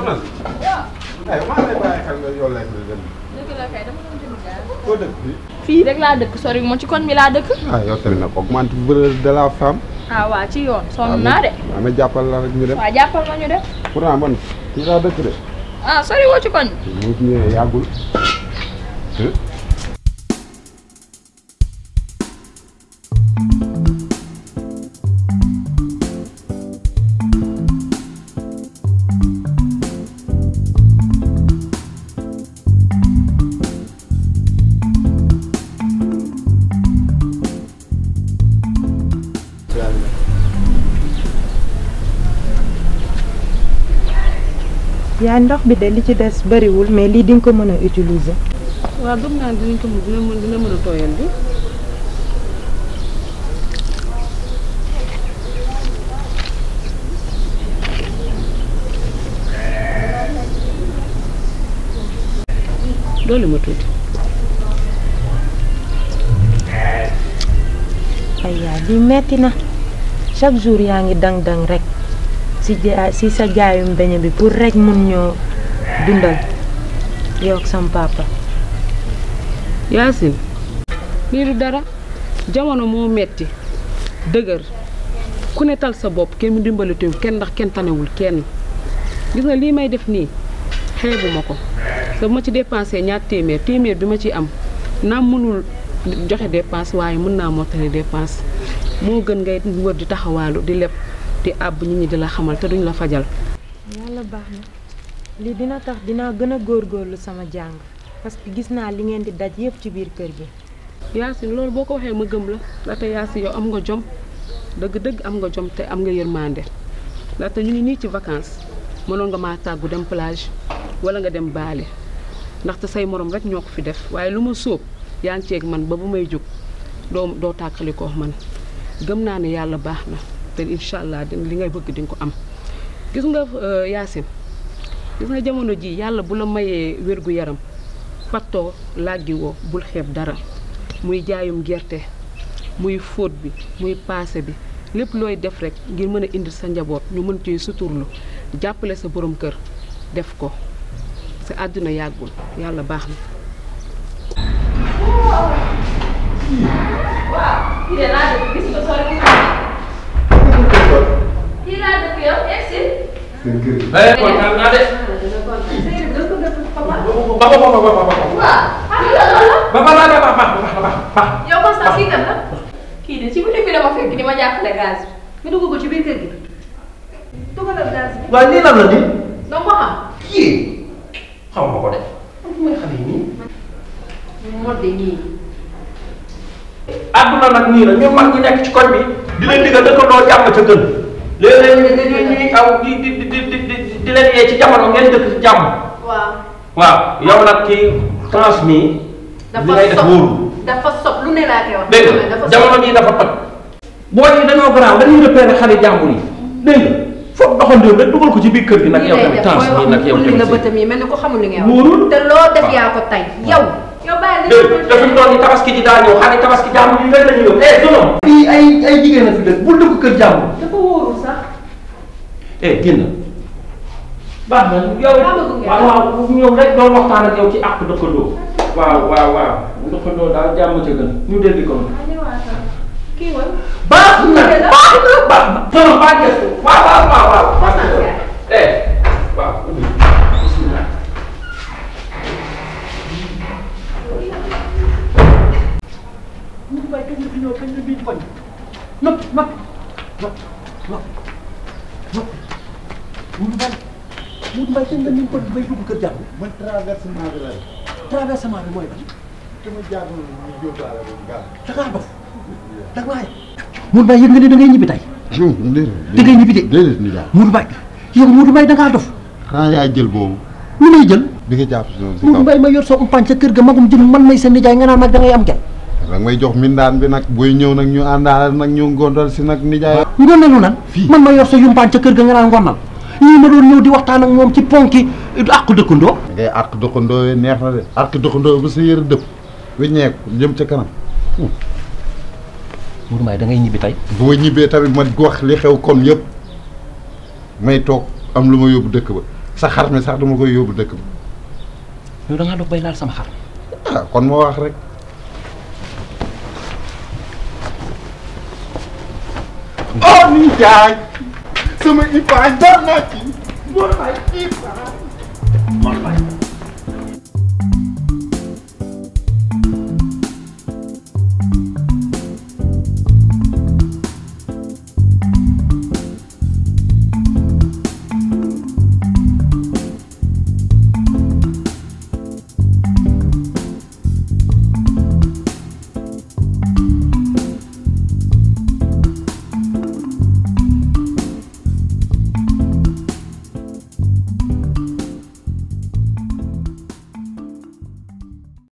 sonal. waaw. maa fii. rek laa dëkk sori ma ci kon mi laa dëkk. ah yow tamit nag augmente valeur de la femme. ah waa ci yoon sonn naa de. waaw jàppal la rek ñu dem. waaw jàppal ma ñu dem. pourtant man fii laa dëkk de. ah sori woo ci kon. mu ngi ñëwee yàggul. yaa ndox bi de li ci des bariwul mais lii di nga ko mën a utiliser. waaw gëm naa dinañ ko mën a tooyal bi. doole metti na chaque jour yaa ngi dang dang rek. si jaay si sa jaayum beñe bi pour rek mun ñoo dundal yow ak sam papa yasin lii du dara jamono mo metti dëgër ku ne tal sa bop ken mu dimbali tew ken ndax ken tanewul ken gis nga lima may def ni xeebuma mako te ma ci dépenser ñaat témèr témèr bima ci am na mënul joxe dépenses waye mën naa mottali dépenses mo gën ngay wër di taxawalu di lepp di ab nit ñi dila xamal te duñ la fajal yalla li dina tax gëna gor gor lu sama jang parce que gis na li ngeen di daj yépp ci biir kër gi yasin lool boko ko ma gëm la ndaxte yasin yow am nga jom deug deug am nga jom te am nga la ndaxte ñu ni ci vacances mënon nga ma taggu dem plage wala nga dem ndax ndaxte say morom rek ñoko fi def waye luma soop yaang ci ak man ba bu may juk do do takaliko man gëm na ne yalla baxna te incha allah li ngay bëgg di nga ko am gis nga euh, Yacine gis nga jamono ji yàlla bu la mayee wérgu yaram pattoo laggi woo bul xeeb dara muy jaayum gerte muy fóot bi muy paase bi lépp looy def rek ngir mën a indil sa njaboot ñu mën ci suturlu jàppale sa borom kër def ko sa àdduna yàggul yàlla baax na seen kër gi. eh kontaan naa de. ba ba ba ba ba ba. ba ba ba ba ba. yow Constant kii kan la. kii de ci biir bi la ma fekk ni ma jàppale gaz bi nga dugg ko ci gi. dugalal gaz bi. waaw lii ma ko de. mooy xale yi nii. moo de nii. àdduna nag nii la ñu mag ñi nekk ci koñ bi. dinañ léeg-léeg ñu ñu ñu aw di di di di di leen yee ci jamono ngeen dëkk ci jàmm. waaw waaw yow nag kii France mi. dafa sob dafa sob lu ne laa koy wax. dégg nga jamono bii dafa toj. boo yi dañoo garaaw dañuy repérer xale jàmbur yi dégg nga foog doxandéem rek dugal ko ci biir kër gi nag yow tamit temps bi nag yow tamit si. wóorul te loo def yaa ko tey yow. dégg nga fi mu doon tabaski ji daa ñëw xam ne tabaski jàmm bi rek la ñuy yóbbu eh non. fii ay ay jigéen a fi dëkk bul dugg kër jàmm. dafa wóorul sax. eh génn. baax na yow. waaw waaw ñëw rek ak yow ci àq dëkkandoo. waaw waaw waaw dëkkandoo daal jàmm ca gën ñu dégg ko. baax na baax na baax na. non non baax na waaw waaw waaw waaw. Mourou Mbaye da ngaa dof da ngaa yëg. Mourou Mbaye yëg nga ne da ngay ñibbi tey. non déedéet da ngay ñibbi de. déedéet ni daal Mourou Mbaye yow Mourou Mbaye da ngaa dof. xanaa yaay jël boobu. lu lay jël. bi nga jàpp si noonu si kaw Mourou Mbaye ma yor sa kër ga magum jëm man may sa nijaay nga naan mag da am kenn. danga may jox mindaan bi nag booy ñëw nag ñu àndaale nag ñu ngondal si nag nijaay ngonalu nag fii man ma yor sa yumpaan ca kër ga nga naan ngonal ñii ma doon ñëw di waxtaan ak moom ci ponki àq dëkkandoo ngay àq dëkkandoo yi neex na de àq ba si yëre dëpp weññeeku jëm ca kanam hmm. Mourou Mbaye da ngay ñibbi tey bu ma ñibbee tamit ma wax li xew kon yëpp may toog am lu ma yóbbu dëkk ba sa xar mi sax du ma koy yóbbu dëkk ba yow da ngaa doog bay laal sama xar ah kon moo wax rek Oni dai. So if I don't like you, what I eat. More like.